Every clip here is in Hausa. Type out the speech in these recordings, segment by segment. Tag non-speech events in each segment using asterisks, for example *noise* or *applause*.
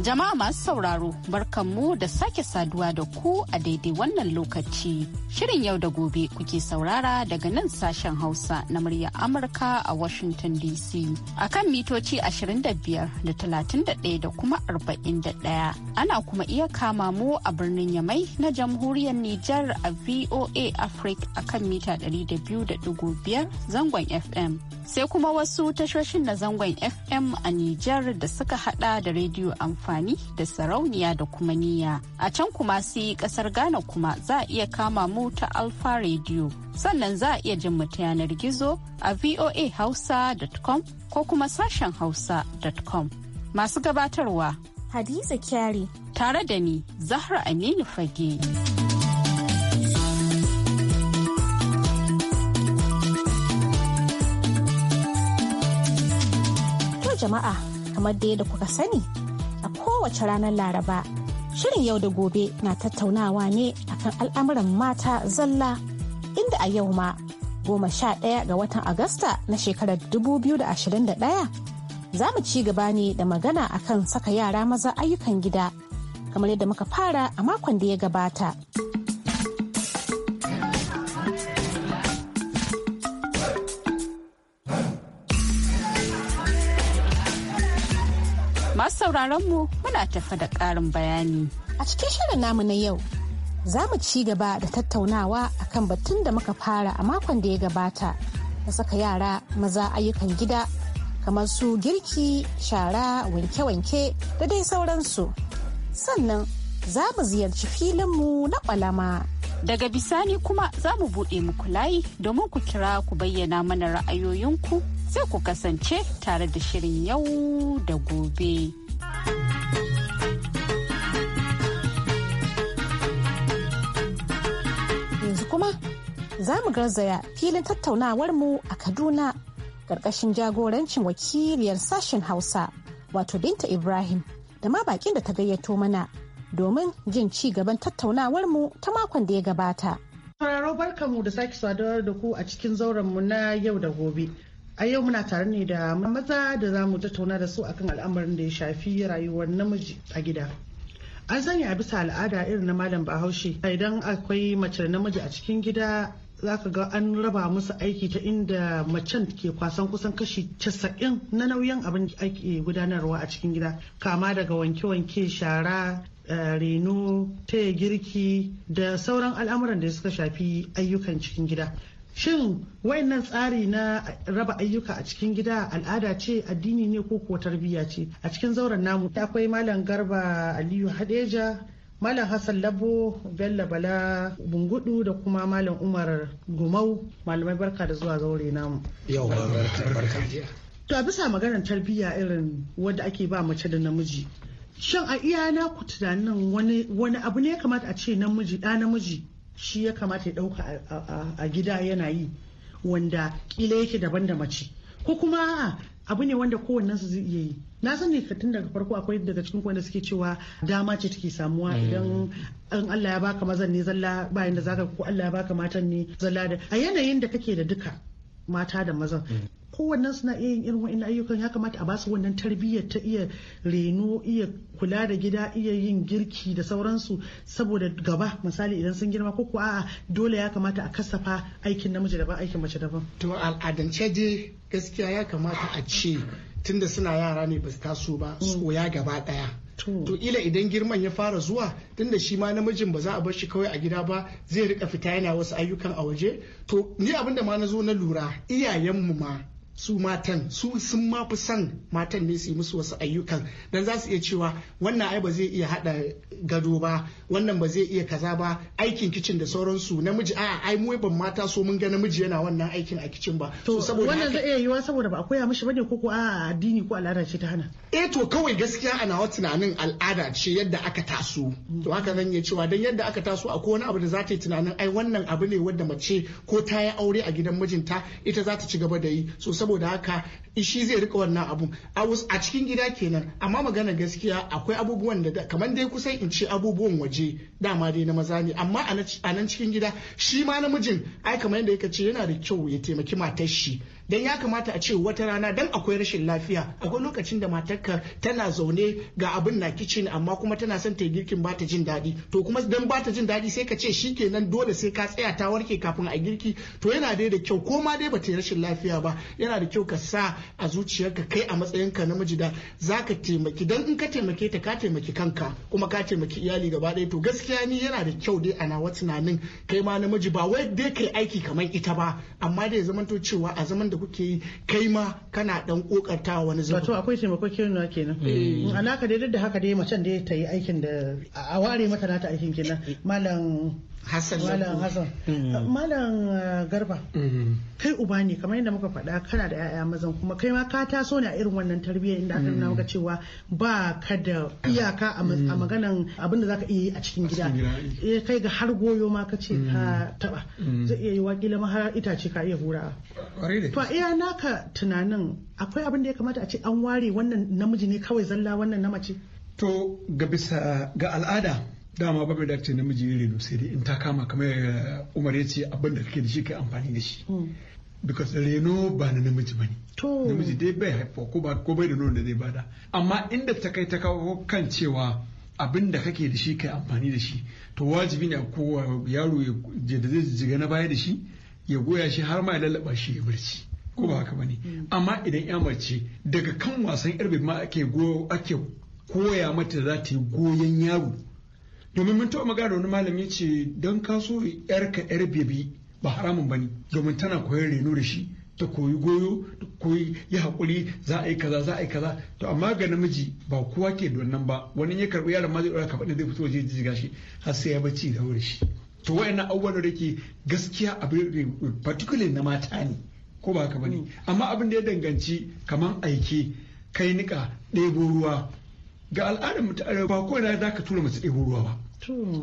Jama'a masu sauraro barkanmu da sake saduwa da ku a daidai wannan lokaci. Shirin yau da gobe kuke saurara daga nan sashen Hausa na murya Amurka a Washington DC. A kan mitoci 25 da 31 da kuma 41. Ana kuma iya kama mu a birnin Yamai na jamhuriyar Nijar a VOA Africa a kan mita 200.5 zangon FM. Sai kuma wasu tashoshin na zangon FM a Nijar da suka hada da rediyo amfani. amfani da sarauniya da kuma niya. A can kuma sai kasar Ghana kuma za a iya kama mu ta Alfa Radio. Sannan za a iya jin mu ta yanar gizo a voahausa.com ko kuma sashen hausa.com. Masu gabatarwa. Hadiza Kyari. Tare da ni, Zahra Aminu Fage. jama'a kamar da kuka sani kowace ranar Laraba. Shirin yau da gobe na tattaunawa ne akan al'amuran mata zalla inda a yau ma goma sha ɗaya ga watan Agusta na shekarar 2021 za mu ci gaba ne da magana akan saka yara maza ayyukan gida kamar yadda muka fara a makon da ya gabata. Masu sauraron mu muna tafa da ƙarin bayani. A cikin shirin namu na yau, za mu ci gaba da tattaunawa akan batun da muka fara a makon da ya gabata da saka yara maza ayyukan gida kamar su girki, shara, wanke-wanke da dai sauransu. Sannan za mu ziyarci filinmu na ƙwalama. Daga bisani kuma za mu buɗe muku layi domin ku kira ku bayyana mana ra'ayoyinku sai ku kasance tare da shirin yau da gobe. Yanzu kuma za mu garzaya filin tattaunawarmu a Kaduna ƙarƙashin jagorancin wakiliyar sashen Hausa wato Binta Ibrahim da ma bakin da ta gayyato mana domin jin ci gaban tattaunawarmu ta makon da ya gabata. Sauraro barkamu da sake saduwar da ku a cikin zauren mu na yau da gobe. a yau muna tare ne da maza da za mu tattauna da su akan al'amarin da ya shafi rayuwar namiji a gida an sani a bisa al'ada irin na malam bahaushe idan akwai mace namiji a cikin gida za ka ga an raba musu aiki ta inda macen ke kwasan kusan kashi casa'in na nauyin abin da ake gudanarwa a cikin gida kama daga wanke-wanke shara eh, reno taya girki da sauran al'amuran da suka shafi ayyukan cikin gida shin wayannan tsari na raba ayyuka a cikin gida al'ada ce addini ne ko kuwa tarbiyya ce a cikin zauren namu akwai malam garba aliyu hadeja malam hassan labo bello bala bungudu da kuma malam umar gumau malamai barka da zuwa zaure namu yau to a bisa maganar tarbiyya irin wadda ake ba mace da namiji shin a iya na ku tunanin wani abu ne ya kamata a ce namiji ɗa namiji shi ya kamata ya dauka a gida yana yi wanda kila yake daban da mace ko kuma abu ne wanda kowannen su zai iya yi na sani tun daga farko akwai daga cikin wanda suke cewa dama ce take samuwa mm. idan an Allah ya baka mazan ne zalla bayan da zaka ko Allah ya baka matan ne zalla da a yanayin da kake da duka mata da maza mm. kowannan suna iya yin irin wa'in ayyukan ya kamata a basu wannan tarbiyyar ta iya reno iya kula da gida iya yin girki da sauransu saboda gaba misali idan sun girma ko a dole ya kamata a kasafa aikin namiji daban aikin mace daban to al'adance dai gaskiya ya kamata a ce tunda suna yara ne ba su taso ba soya mm. gaba daya to ila idan girman ya fara zuwa tunda shi ma namijin ba za a bar shi kawai a gida ba zai rika fita yana wasu ayyukan a waje to ni abin da ma na zo na lura iyayenmu ma su matan su sun ma fi son matan ne su yi musu wasu ayyukan don za su iya cewa wannan ai ba zai iya hada gado ba wannan ba zai iya kaza ba aikin kicin da sauransu namiji a ai mu ban mata so mun ga namiji yana wannan aikin a kicin ba to saboda wannan zai iya yiwa saboda ba a koya mishi bane ko ko a addini ko al'ada ce ta hana eh to kawai gaskiya ana wa tunanin al'ada ce yadda aka taso to haka zan iya cewa dan yadda aka taso akwai wani abu da za ta yi tunanin ai wannan abu ne wanda mace ko ta yi aure a gidan mijinta ita za ta ci gaba da yi so saboda haka shi zai rika wannan abun a cikin gida kenan amma magana gaskiya akwai abubuwan da kamar dai kusan in ce abubuwan waje dama dai na maza ne amma a nan cikin gida shi ma namijin ai kamar yadda yake ce yana da kyau ya taimaki matar shi dan ya kamata a ce wata rana dan akwai rashin lafiya akwai lokacin da matarka tana zaune ga abin na kicin amma kuma tana son ta girkin ba ta jin daɗi to kuma dan ba ta jin daɗi sai ka ce shi kenan dole sai ka tsaya ta warke kafin a girki to yana dai da kyau ko ma dai ba ta rashin lafiya ba yana da kyau ka sa a zuciyarka kai a matsayinka namiji da za ka taimaki don in ka taimake ta ka taimaki kanka kuma ka taimaki iyali gaba ɗaya to gaskiya ni yana da kyau dai ana wa tunanin kai ma namiji ba wai dai kai aiki kamar ita ba amma dai zamanto cewa a zaman da kuke yi kai ma kana dan kokarta wani zuwa to akwai taimakon na kenan eh. mm, alaka dai duk da haka dai macen dai ta yi aikin da a ware mata nata aikin kenan eh, eh. malam Hassan Malam Hassan. Mm-hmm. Malam uh, Garba. Mm-hmm. Kai uba ne kamar yadda muka faɗa kana da 'ya'ya mazan kuma kai ma ka taso ne a irin wannan tarbiyyar inda aka nuna maka mm-hmm. cewa ba ka da iyaka a maganan abin da zaka iya yi a cikin gida. Eh kai ga har goyo ma ka ce ka taba. Zai iya yi wakila ma har itace ka iya hura. To iya naka tunanin akwai abin da ya kamata a ce an ware wannan namiji ne kawai zalla wannan na mace. To ga bisa ga al'ada dama ba mai dace namiji ya reno sai dai in ta kama kamar umar ya ce abin da kake da shi kai amfani da shi hmm. because reno ba na namiji bane namiji dai bai haifa ko ba ko bai da nono da zai bada amma inda ta kai ta kawo kan cewa abinda da kake da shi kai amfani da shi to wajibi ne ko yaro ya da zai jiga na baya da shi ya goya shi har ma ya lallaba shi ya barci ko ba haka bane hmm. amma idan ya mace daga kan wasan irbe ma ake goyo ake koya mata za ta yi goyon yaro domin mun taɓa magana da wani malami ce don ka so yarka yar bebi ba haramun ba ne domin tana koyar reno da shi ta koyi goyo ta koyi yi hakuri za a yi kaza za a yi kaza to amma ga namiji ba kowa ke da wannan ba wani ya karɓi yaron ma zai ɗora kafaɗin zai fito waje jiga shi har sai ya bacci da wuri shi to wayannan abubuwan da yake gaskiya abin particular na mata ne ko ba haka ne mm. amma abin da ya danganci kamar aike kai niƙa ɗebo ruwa ga al'adar mu ta arewa ba ko ina ka tura mace ɗebo ruwa ba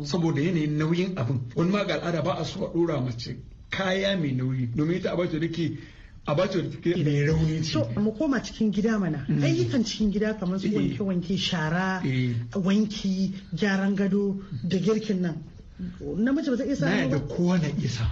saboda yanayin nauyin abin wani ma ga al'ada ba a so a ɗora mace kaya mai nauyi domin ita abace da ke a bata ne rauni ce. So mu koma cikin gida mana mm. ayyukan cikin gida kamar su eh. wanke wanke shara eh. wanki gyaran gado da girkin nan mace ba zai isa Na da kowa na isa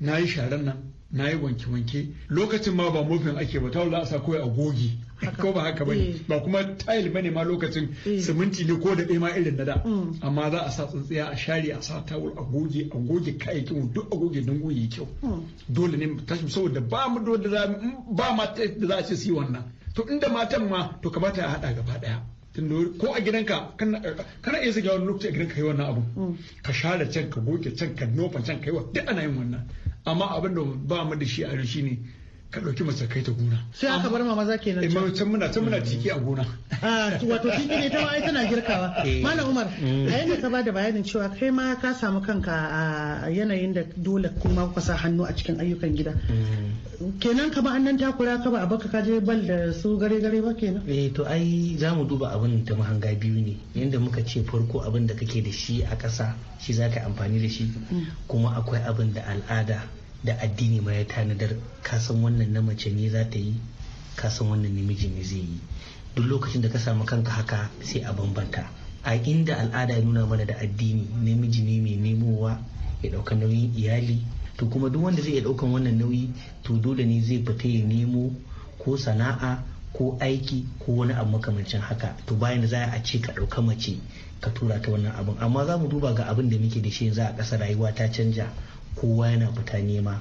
na yi sharan nan na yi wanke wanke lokacin ma ba mofin ake ba ta wula a sa kawai a goge *laughs* ko ba haka bane eh. ba kuma tile bane ma lokacin eh. siminti ne ko da ma irin na da mm. amma za a sa tsintsiya a share a sa tawul a goge a goge kayayyakin duk a goge don goge kyau mm. dole ne tashi saboda ba mu dole mm, ba ma da za a ce si wannan to inda matan ma to kamata a hada gaba daya tunda ko a gidanka kana iya zage wani lokaci a gidanka yi wannan abu ka share can ka goge can ka nofa can ka yi wa duk ana yin wannan amma abin da ba mu da shi a shi ne ka ɗauki mace kai ta gona. Sai aka bar mama za kenan. Imam eh, can muna can muna ciki a gona. Ah, wato ciki ne ta ma tana girkawa. Eh. Malam Umar, mm. a yanda ka bada bayanin cewa kai ma ka samu kanka a yanayin da dole kuma ka sa hannu a cikin ayyukan gida. Mm. Kenan ka ba annan takura ka ba a baka ka bal da su gare gare ba kenan. Eh to ai za mu duba abin da mahanga biyu ne. Yanda muka ce farko abin da kake da shi a ƙasa shi za ka amfani da shi mm. kuma akwai abin da al'ada da addini ma ya tanadar kasan wannan na mace ne za ta yi kasan wannan namiji ne zai yi duk lokacin da ka samu kanka haka sai a bambanta a inda al'ada ya nuna mana da addini namiji ne mai nemowa ya ɗauka nauyin iyali to kuma duk wanda zai iya ɗaukan wannan nauyi to dole ne zai fita ya nemo ko sana'a ko aiki ko wani abu makamancin haka to bayan da za a ce ka ɗauka mace ka tura ta wannan abin amma za mu duba ga abin da muke da shi yanzu a ƙasa rayuwa ta canja kowa yana fita nema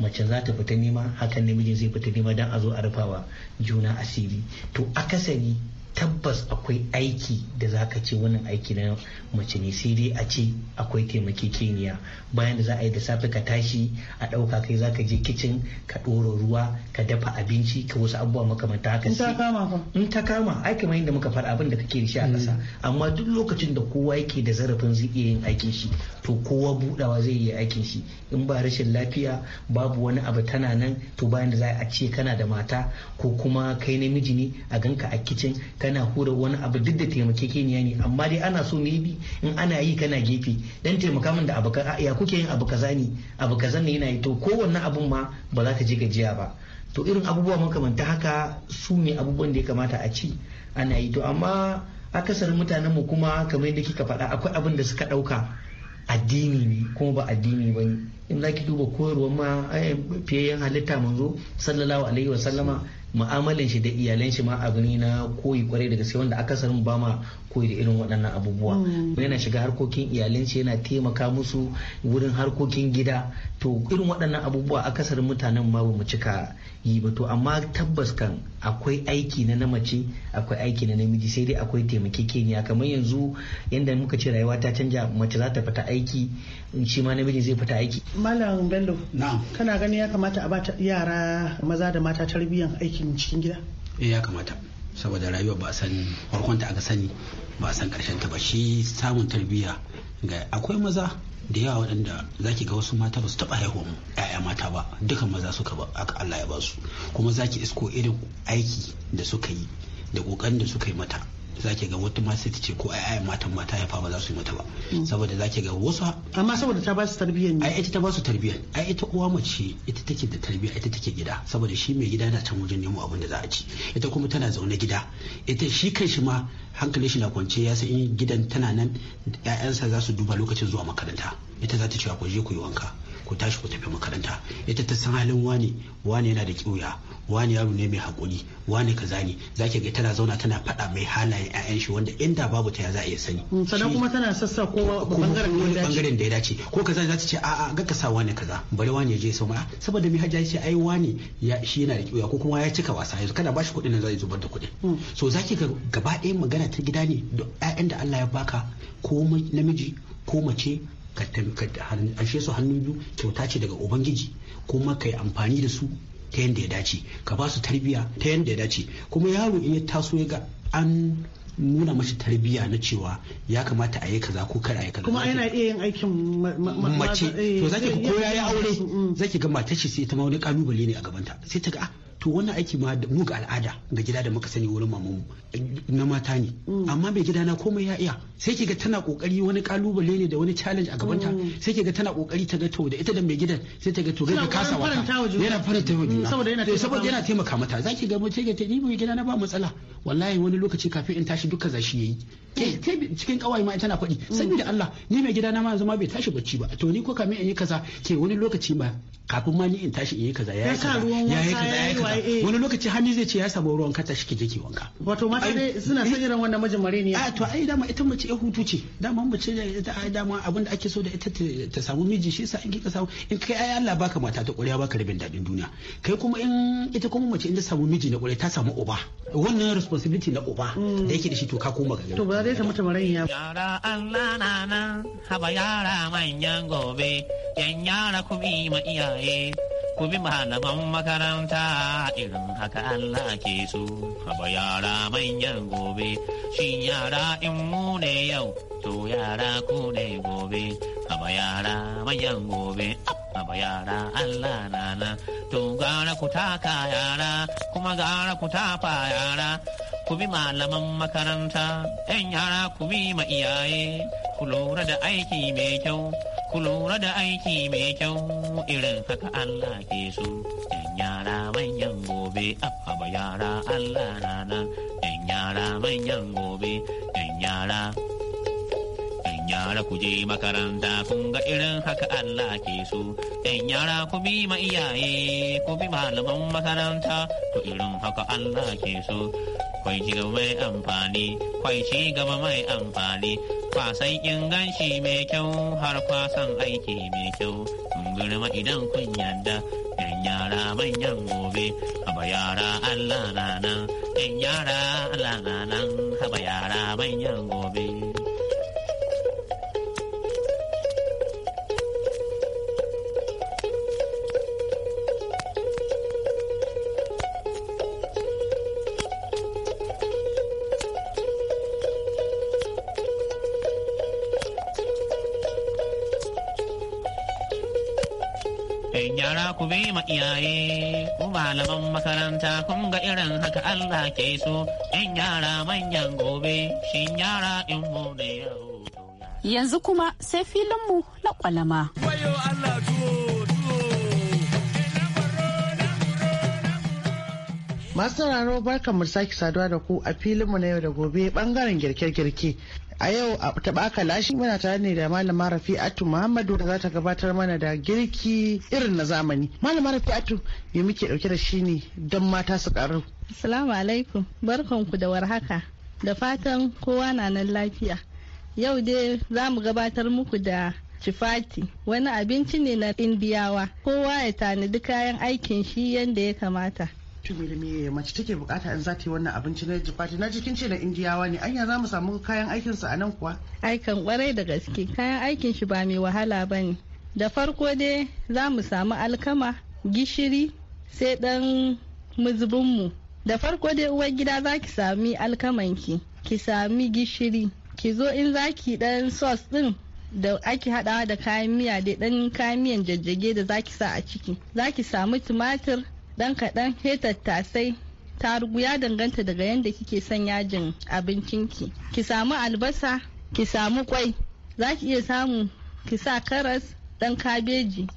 mace za ta fita nema hakan namiji zai fita nema don a zo a rufawa juna asiri to akasari tabbas akwai aiki da za ka ce wannan aiki na mace ne sai dai a ce akwai keniya bayan da za a yi da safe ka tashi a ɗauka kai za ka je kicin ka ɗora ruwa ka dafa abinci ka wasu abubuwa makamanta haka in ta kama fa in ta kama ai kamar yadda muka faɗa abin da kake da shi a ƙasa mm. amma duk lokacin da kowa yake da zarafin zai iya yin aikin shi to kowa buɗawa zai iya aikin shi in ba rashin lafiya babu wani abu tana nan to bayan da za a ce kana da mata ko kuma kai namiji ne a ganka a kicin kana hura wani abu duk da taimake taimakekeniya ne amma dai ana so bi in ana yi kana gefe dan taimaka min da abu ya kuke yin abu kaza ne abu kaza ne yana yi to kowanne abun ma ba za ka je gajiya ba to irin abubuwa makamanta haka su ne abubuwan da ya kamata a ci ana yi to amma akasarin mutanen mu kuma kamar yadda kika faɗa akwai abin da suka ɗauka addini ne kuma ba addini ba ne in za ki duba koyarwar ma eh, fiyayyen halitta manzo sallallahu alaihi wa sallama mu'amalin shi da iyalan shi ma abu ne na koyi kwarai daga gaske wanda akasarin ba ma koyi da irin waɗannan abubuwa mm. yana shiga harkokin iyalan shi yana taimaka musu wurin harkokin gida to irin waɗannan abubuwa akasarin mutanen ma ba mu cika yi ba to amma tabbas kan akwai aiki na na mace akwai aiki na namiji sai dai akwai taimakekeniya kamar yanzu yadda muka ce rayuwa ta canja mace za ta fita aiki shi ma namiji zai fita aiki Malam Bello. Na'am. Kana gani ya kamata a bata yara maza da mata tarbiyyar aikin cikin gida? Eh ya kamata. Saboda rayuwa ba san farkon ta aka sani ba san karshen ta ba shi samun tarbiyya ga akwai maza da yawa waɗanda zaki ga wasu mata ba su taɓa haihuwa ‘ya'ya mata ba dukan maza suka ba aka Allah ya ba su kuma zaki isko irin aiki da suka yi da ƙoƙarin da suka yi mata zaki ga wata ma sai ce ko ai ai matan mata ya fa ba za su yi mata ba mm. saboda zaki ga wasu amma saboda ta ba su tarbiyyar ne ai ita ta ba su tarbiyyar ai ita uwa mace ita take da tarbiyya ita take gida saboda shi mai gida yana can wajen nemo abin da za a ci ita kuma tana zaune gida ita shi kan shi ma hankalin shi na kwance ya san in gidan tana nan ƴaƴansa za su duba lokacin zuwa makaranta ita za ta ce ku je ku yi wanka ku tashi ku tafi makaranta ita ta san halin wani wani yana da kiuya wani yaro ne mai hakuri wani kaza ne zaki ga tana zauna tana fada mai halayen 'ya'yan shi wanda inda babu ta ya za a iya sani hmm, sannan kuma tana sassa ko bangaren da ya dace ko kaza za ta ce a'a ga ka sa wani kaza bari wani ya je sama saboda mai hajja ce ai wani ya shi yana da kiuya ko kuma ya cika wasa yanzu kada bashi kuɗin nan zai zubar da kuɗin hmm. so zaki ga gaba ɗaya magana ta gida ne da 'ya'yan da Allah ya baka ko namiji ko mace ka ashe su hannu biyu kyauta ce daga ubangiji kuma ka yi amfani da su ta yadda ya dace ka ba su tarbiya ta yadda ya dace kuma yaro in ya taso ya ga an nuna mashi tarbiya na cewa ya kamata a yi kaza ko kar a yi kaza kuma yana iya yin aikin mace eh, to zaki ko ya yi aure zaki ga mata ce sai ta ma wani kalubale ne a gaban ta sai ta ga ah, to wannan aiki ma mu ga al'ada ga gida da muka sani wurin maman na mata ne mm. amma mai gida na komai ya iya sai ke ga tana kokari wani kalubale ne da wani challenge a gabanta mm. sai ke ga tana kokari ta ga to da ita da mai gidan sai ta ga to ga kasa wata yana faranta wa juna saboda yana taimaka mata zaki ga mace ga ta ni mai gida na ba matsala wallahi wani lokaci kafin in tashi duka zashi yayi ke mm. cikin kawai ma tana faɗi saboda Allah ni mai gida na ma zama bai tashi bacci ba to ni ko kamin in yi kaza ke wani lokaci ma kafin ma ni in tashi in yi kaza yi kaza yi kaza Eh. wani lokaci hannu zai ce ya samu ruwan kata shi kike wanka wato mata dai suna eh. sanya ran wannan mare ne a ah, to ai dama ita mace ya hutu ce dama mace da dama abinda ake so da ita ta samu miji shi sa in kika samu in kai ai Allah baka mata ta ƙwarya baka rabin daɗin duniya kai kuma in ita kuma mace in ta samu miji na ƙwarya ta samu uba wannan responsibility na uba mm. da yake da shi to ka koma ga to ba zai ta mutum ran ya yara Allah na nan haba yara manyan gobe yan yara kuma ma iyaye ku bi malaman makaranta irin haka Allah ke so, haba yara manyan gobe, shi yara in mu ne yau, to yara ku ne gobe, haba yara manyan gobe, haba yara Allah nana, to gara ku taka yara, kuma gara ku tafa yara. ku malaman makaranta, ‘yan yara ku bi ma iyaye, ku lura da aiki mai kyau, ku lura da aiki mai kyau irin haka Allah ke so. ‘Yan yara manyan gobe, abba yara Allah rana, ‘yan yara manyan gobe, ‘yan yara. ‘Yan yara ku je makaranta kun ga irin haka Allah ke so. ‘Yan yara ku bi ma iyaye, ku bi malaman makaranta, to irin haka Allah ke so. Kwai ci gaba mai amfani, kwai ci gaba mai amfani. kwasan inganci mai kyau har kwasan aiki mai kyau in girma idan kun yarda yan yara manyan gobe haba yara allah na nan yan yara allah na nan haba yara manyan gobe. ku bi ma iyaye ku malaman makaranta kun ga irin haka Allah ke so in yara manyan gobe shin yara in mu ne Yanzu kuma sai filinmu na kwalama. Wayo Allah masu sauraro barkan mu sake saduwa da ku a filin mu na yau da gobe bangaren girke-girke a yau a taɓaka lashi muna tare ne da malama rafi'atu muhammadu da za ta gabatar mana da girki irin na zamani malama rafi'atu ya muke ɗauke da shi ne don mata su ƙaru assalamu alaikum ku da warhaka da fatan kowa na nan lafiya yau dai za mu gabatar muku da chifati wani abinci ne na indiyawa kowa ya tanadi kayan aikin shi yadda ya kamata to me da me mace take bukata in za ta yi wannan abinci na jifati na cikin ce na indiyawa ne anya za mu samu kayan aikin a nan kuwa aikin kwarai da gaske kayan aikin shi ba mai wahala ba ne da farko dai za mu samu alkama gishiri sai dan muzubin mu da farko dai uwar gida za ki sami alkaman ki sami gishiri ki zo in za ki dan sauce din da ake hadawa da kayan miya dai dan kayan miyan jajjage da zaki sa a ciki zaki samu tumatir Ɗan kaɗan he tattasai tarugu ya danganta daga yadda kike son yajin abincinki ki samu albasa ki samu kwai za ki iya samu ki sa karas dan kabeji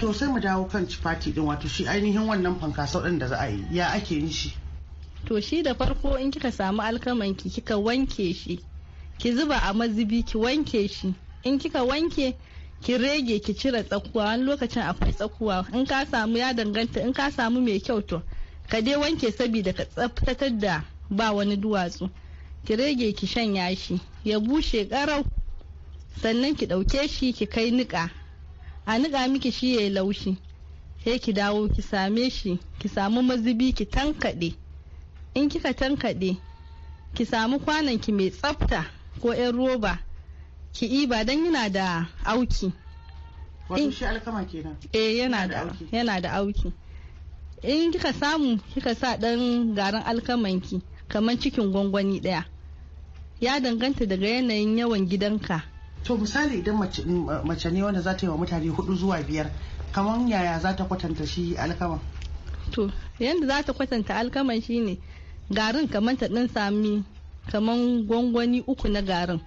to sai mu dawo kan cifati din wato shi ainihin wannan fankasau din da za a yi ya ake yin shi to shi da farko in kika samu alkamanki kika wanke shi ki zuba a mazubi ki wanke shi in kika wanke ki rege ki cire tsakuwa wani lokacin akwai tsakuwa in ka samu ya danganta in ka samu mai kyau to ka dai wanke sabida ka tsaftatar da ba wani duwatsu ki rege ki shanya shi ya bushe karau sannan ki ɗauke shi ki kai niƙa a niƙa miki shi ya laushi sai ki dawo ki same shi ki samu mazubi ki tankaɗe in kika tankaɗe ki samu kwanon ki mai tsafta ko 'yan roba ki ba don yana da auki wato shi alkama kenan eh yana da yana da auki in kika samu kika sa dan garin ki kamar cikin gwangwani daya ya danganta daga yanayin yawan gidanka to misali idan mace ne wanda za ta yi wa mutane hudu zuwa biyar kamar yaya za ta kwatanta shi alkaman to yadda za ta kwatanta alkaman shine garin kamar ta ɗan sami kamar gwangwani uku na garin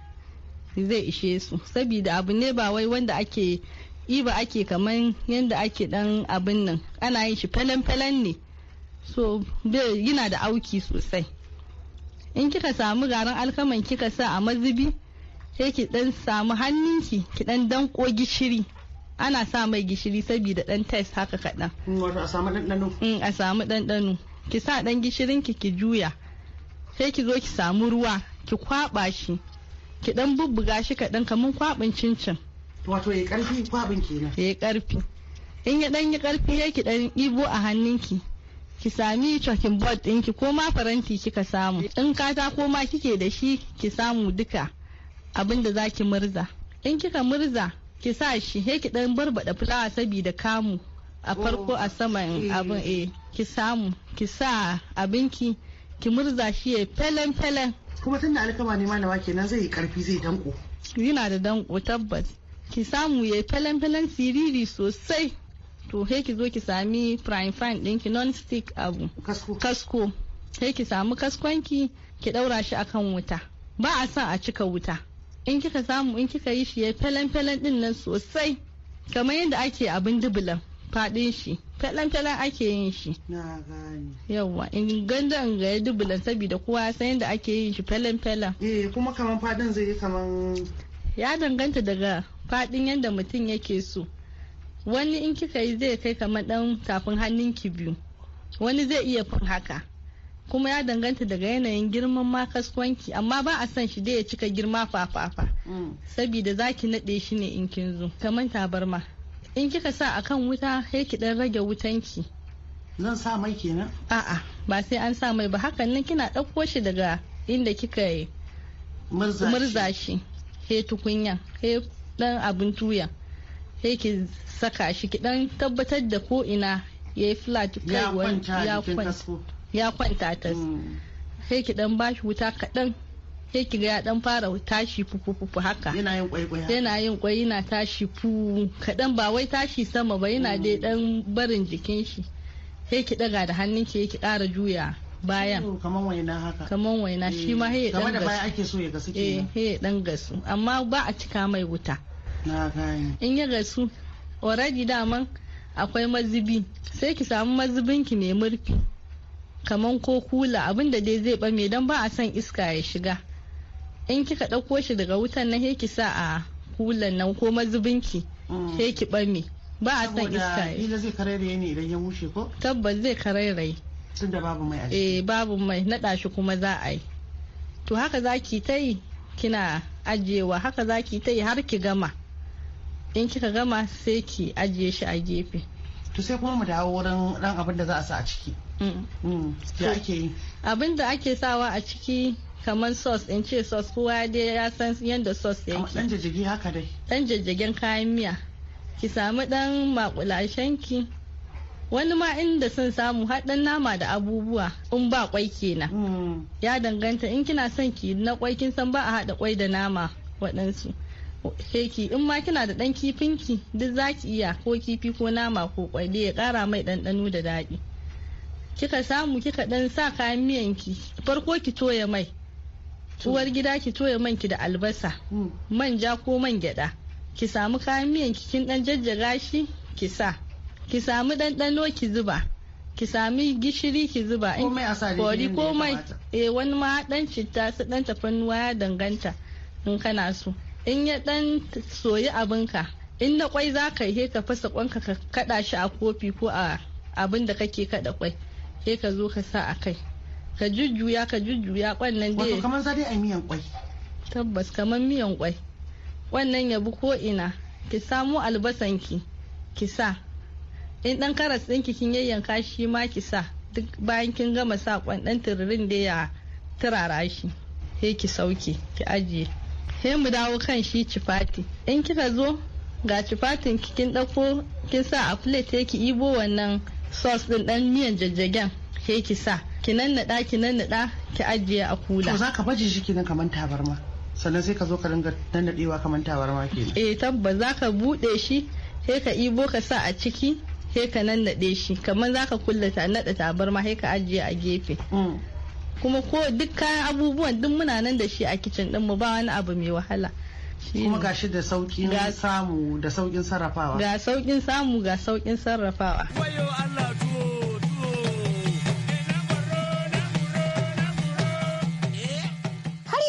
zai ishe su sabida abu ne ba wai wanda ake ba ake kamar yadda ake dan abin nan ana yin shi falen-falen ne so yana da auki sosai in kika samu garin alkaman kika sa a mazubi sai ki dan samu hannunki ki dan danko gishiri ana sa mai gishiri saboda dan test haka kaɗan. Mm, a samu ɗanɗano mm, a samu ki sa ɗan gishirin ki ki juya sai ki zo ki samu ruwa ki kwaɓa shi ki dan bubbuga shi kaɗan kamar kwaɓin cincin wato ya karfi kwaɓin kenan ya karfi in ya dan yi karfi ya ki dan ibo a hannunki ki sami chalking board dinki ko ma faranti kika samu in ko ma kike da shi ki samu duka abin da murza in kika murza ki sa shi ya ki dan barbada fulawa saboda kamu a farko a saman oh, abin eh ki samu ki sa abinki ki murza shi ya felen felen kuma tunda alkama ne malama kenan zai yi karfi zai danko yana da danko tabbas ki samu yayi falan falan siriri sosai to he ki zo ki sami prime fine ɗinki non stick abu kasko he ki samu kaskonki ki ɗaura shi akan wuta ba a sa a cika wuta in kika samu in kika yi shi ya falan falan din nan sosai kamar yadda ake abin dubulan faɗin shi fyalan ake yin shi yawa in gandan ga ya dubulan saboda kowa san yadda ake yin shi fyalan eh kuma kaman fadin zai yi kaman ya danganta daga fadin yadda mutum yake so wani in kika yi zai kai kaman dan tafin hannun ki biyu wani zai iya fin haka kuma ya danganta daga yanayin girman ma amma ba a son shi dai ya cika girma fafafa mm. saboda zaki naɗe shi ne in kin zo kaman tabarma in kika sa a kan wuta sai ki dan rage wutanki zan sa mai kenan a'a ba sai an sa mai ba hakan nan kina ɗauko shi daga inda kika yi murza shi he tukunya he dan abin tuya he ki saka shi ki dan tabbatar da ko ina ya yi flat kai ya kwanta tas mm. he ki dan bashi wuta kaɗan sai kiga ya dan fara tashi fufu haka yana yin kwai yana yin kwai yana tashi fu kadan ba wai tashi sama ba yana dai dan barin jikin shi sai ki daga da hannun ki ki kara juya bayan kaman waina haka kaman waina shi ma sai ya eh, dan gasu ake so ya gasu eh sai ya dan gasu amma ba a cika mai wuta na gani in ya gasu already daman akwai mazubi sai ki samu mazubin ki ne murfi kaman ko kula abinda dai zai bame dan ba a son iska ya shiga in kika ɗauko shi daga wutan na ki sa a hulan nan ko mazubinki sai mm. ki ɓame ba a san iska ya zai karairaye ne idan ya wuce ko tabbas zai karairaye tunda babu mai a eh babu mai naɗa shi kuma za a yi to haka za ki ta yi kina ajiyewa haka za ki ta yi har ki gama in kika gama sai ki ajiye shi a gefe to sai kuma mu dawo wurin dan abin da za a sa a ciki mm. Mm. abin da ake sawa a ciki kamar sauce in ce sauce kowa dai ya san yadda sauce yake dan jajjage jajjagen kayan miya ki samu dan makulashen ki wani ma inda sun samu haɗin nama da abubuwa in ba kwai kenan hmm. ya danganta in kina son ki na kwai kin san ba a haɗa kwai da nama waɗansu sheki in ma kina da ɗan kifinki duk za ki iya ko kifi ko nama ko kwai da ya kara mai ɗanɗano da daɗi kika samu kika ɗan sa kayan miyanki farko ki toya mai uwar gida ki toya manki da albasa mm. manja ko man gyada ki samu kayan miyan ki kin dan jajjaga shi ki sa ki samu ɗanɗano ki zuba ki sami gishiri ki zuba in kori komai eh wani ma dan citta su dan tafannuwa ya danganta in kana so in ya ɗan soyi abinka in na kwai za ka yi ka fasa kwanka ka kaɗa shi a kofi ko a abin da kake kaɗa kwai sai ka zo ka sa a kai ka jujjuya ka jujjuya kwannan dai wato kamar dai miyan kwai tabbas kamar miyan kwai wannan ya bi ko ina ki samo albasan ki ki sa in dan karas ɗinki kin yayyanka shi ma ki sa duk bayan kin gama sa dan tururin da ya turara shi he ki sauke ki ajiye he mu dawo kan shi cifati in kika zo ga cifatin kin ɗauko kin sa a plate ki ibo wannan sauce din dan miyan jajjagen he ki sa ki nannaɗa ki nannaɗa ki ajiye a kula to za ka baje shi kenan kamar tabarma sannan sai ka zo ka dinga nannaɗewa kamar tabarma kenan eh za ka buɗe shi sai ka ibo ka sa a ciki sai ka nannaɗe shi kamar zaka kullata naɗa tabarma sai ka ajiye a gefe mm. kuma ko duk kayan abubuwan duk muna nan da shi a kicin ɗin mu ba wani abu mai wahala kuma ga shi da sauƙin samu da sauƙin sarrafawa ga sauƙin samu ga sauƙin sarrafawa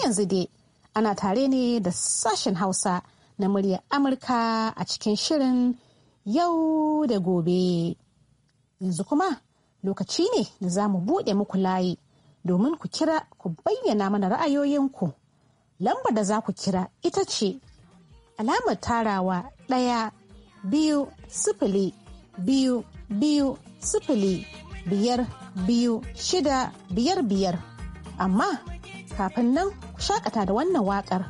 yanzu dai ana tare ne da sashen Hausa na murya Amurka a cikin shirin yau da gobe. Yanzu kuma lokaci ne da za mu buɗe muku layi domin ku kira ku bayyana mana ra'ayoyinku. Lambar da za ku kira ita ce alamar tarawa ɗaya biyu sifili biyu biyu sifili biyar biyu shida biyar biyar amma kafin nan Ku shakata da wannan waƙar.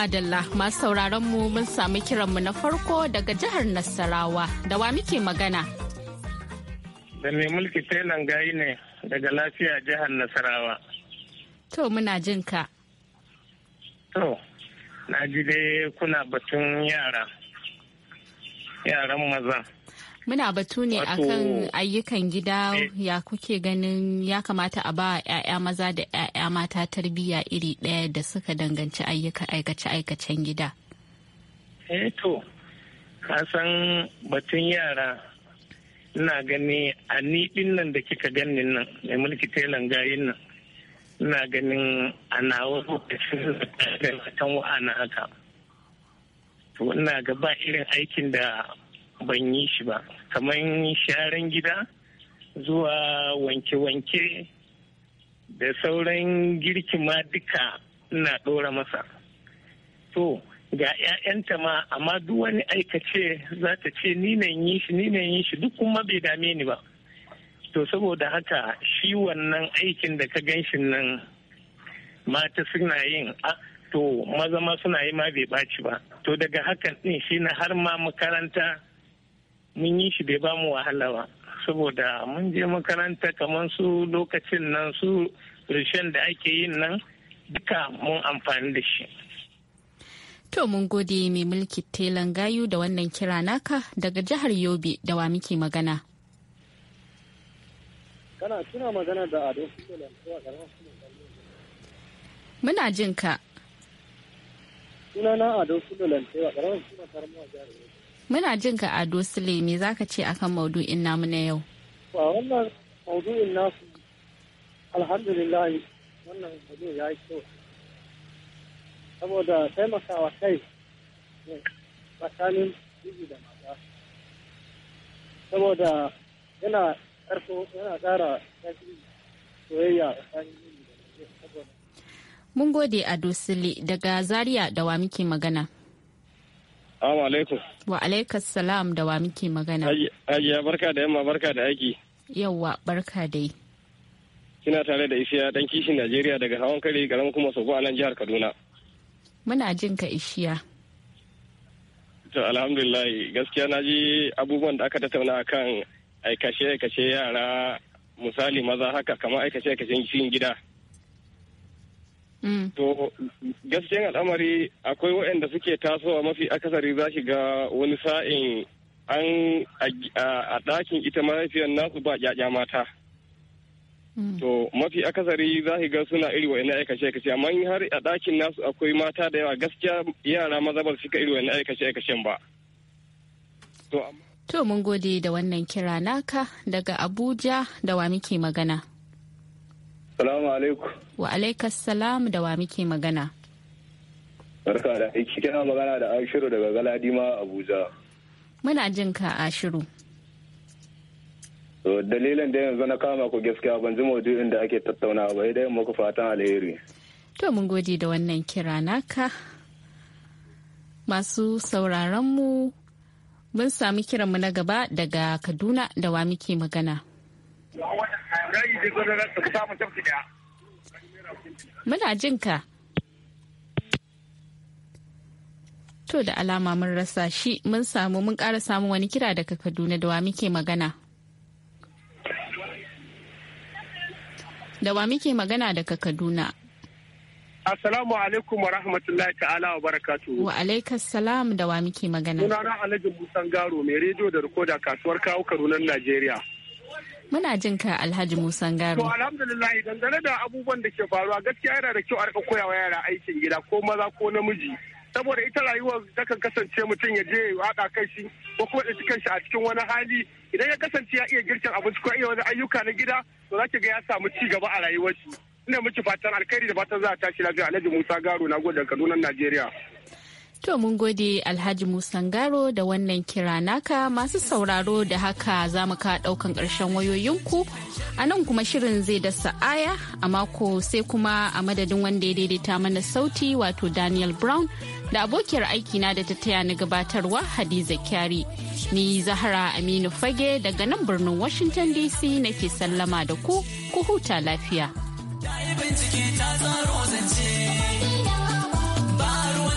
madalla masu sauraron mu mun samu kiranmu na farko daga jihar Nasarawa. Da wa muke magana? Da mai mulki Tailan gayi ne daga lafiya jihar Nasarawa. To muna jin ka. To, na ji dai kuna batun yara. Yaran maza. Muna batu ne akan ayyukan gida eh. ya kuke ganin ya kamata a ba 'ya'ya maza da 'ya'ya mata tarbiyya iri ɗaya da suka danganci ayyukan aikace-aikacen gida. Eh to, kasan batun yara ina gani a niɗin nan da kika ganin nan mai mulki telan gayin nan ina ganin nawa wasu da haka ina ga ba irin aikin da ban yi shi ba kamar sharan gida zuwa wanke-wanke da sauran girki ma duka na ɗora masa to ga 'ya'yanta ma amma duk wani aikace za ta ce ni na yi shi ni na yi shi duk kuma bai dame ni ba to saboda haka shi wannan aikin da ka gan nan mata suna yin a to mazama suna yi ma bai ɓaci ba to daga hakan ɗin shi na har ma makaranta mun yi shi bai ba mu wahala ba saboda mun je makaranta kamar su lokacin nan su rishen da ake yin nan duka mun amfani da shi To mun gode mai mulki telan gayu da wannan kira naka daga jihar Yobe da wa muke magana. Kana tuna magana da Ado Muna jin ka. Sunana Ado sulalantewa karamar ƙaramin suna karmuwa jihar Yobe. Muna jin ka Ado Sule me zaka ce akan maudu'in namu na yau? Ba wannan maudu'in nasu alhamdulillah wannan maudu'in ya yi kyau. Saboda taimakawa kai tsakanin jiji da mata. Saboda yana ƙarfo yana ƙara ƙarfi soyayya tsakanin jiji da mata. Mun gode a Sule daga Zaria da wa muke magana. Awa alaikum. Wa alaikas salam da wa muke magana. Hajiya barka da yamma barka da aiki. Yawwa barka dai. Kina tare da Ishiya dan kishin Najeriya daga hawan kare garin kuma Sogo a nan jihar Kaduna. Muna jin ka Ishiya. To alhamdulillah gaskiya na ji abubuwan da aka tattauna akan aikace aikace yara misali maza haka kamar aikace aikacen cikin gida. Mm. To gaskiya al'amari akwai waɗanda suke tasowa mafi akasari za ga wani sa'in an a ɗakin ita mahaifiyar nasu ba ƴaƴa mata. Mm. To mafi akasari za ga suna iri ina aikace aikace amma har a ɗakin nasu akwai mata da yawa gaskiya yara maza ba su cika iri ina aikace aikacen ba. To mun gode da wannan kira naka daga Abuja da wa muke magana. Salamu alaikum. Wa alaikas salam da wa muke magana. Barka da aiki kina magana da Ashiru daga Galadima Abuja. Muna jin ka Ashiru. So, dalilin da yanzu na kama ku gaskiya ban ji maudu'in da ake tattauna ba idan muku fatan alheri. To mun gode da wannan kira naka. Masu sauraron mu mun sami kiranmu na gaba daga Kaduna da wa muke magana. Muna jin ka. To da alama mun rasa shi mun samu mun ƙara samu wani kira daga Kaduna da wa muke magana. Da wa muke magana daga Kaduna. Assalamu alaikum wa rahmatullahi ta'ala wa barakatu. Wa alaikas salam da wa muke magana. na Alhaji Musan Garo mai rediyo da rikoda kasuwar kawo Kaduna, Najeriya. Muna jin ka Alhaji Musa Ngaro. To alhamdulillah dangane da abubuwan da ke faruwa gaskiya yana da kyau a rika koyawa yara aikin gida ko maza ko namiji. Saboda ita rayuwar takan kasance mutum ya je ya haɗa kai shi ko kuma ɗauki kanshi a cikin wani hali idan ya kasance ya iya girkin abinci ko iya wani ayyuka na gida to za ki ga ya samu ci gaba a rayuwar shi. Ina miki fatan alkhairi da fatan za a tashi lafiya Alhaji Musa Garo na gode Kaduna Najeriya. To mun gode Alhaji Musangaro da wannan kira naka masu sauraro da haka za mu ka ɗaukan ƙarshen wayoyinku. A nan kuma shirin zai dasa aya a mako sai kuma a madadin wanda ya daidaita mana sauti wato Daniel Brown da abokiyar aikina da ta taya ni gabatarwa Hadiza Kyari. Ni Zahara Aminu Fage daga nan birnin Washington DC nake sallama da ku, ku huta lafiya.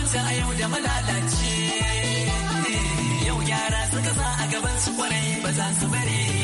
bambanci a yau da malalaci eh, yau gyara suka sa a gaban su kwarai ba za su bari.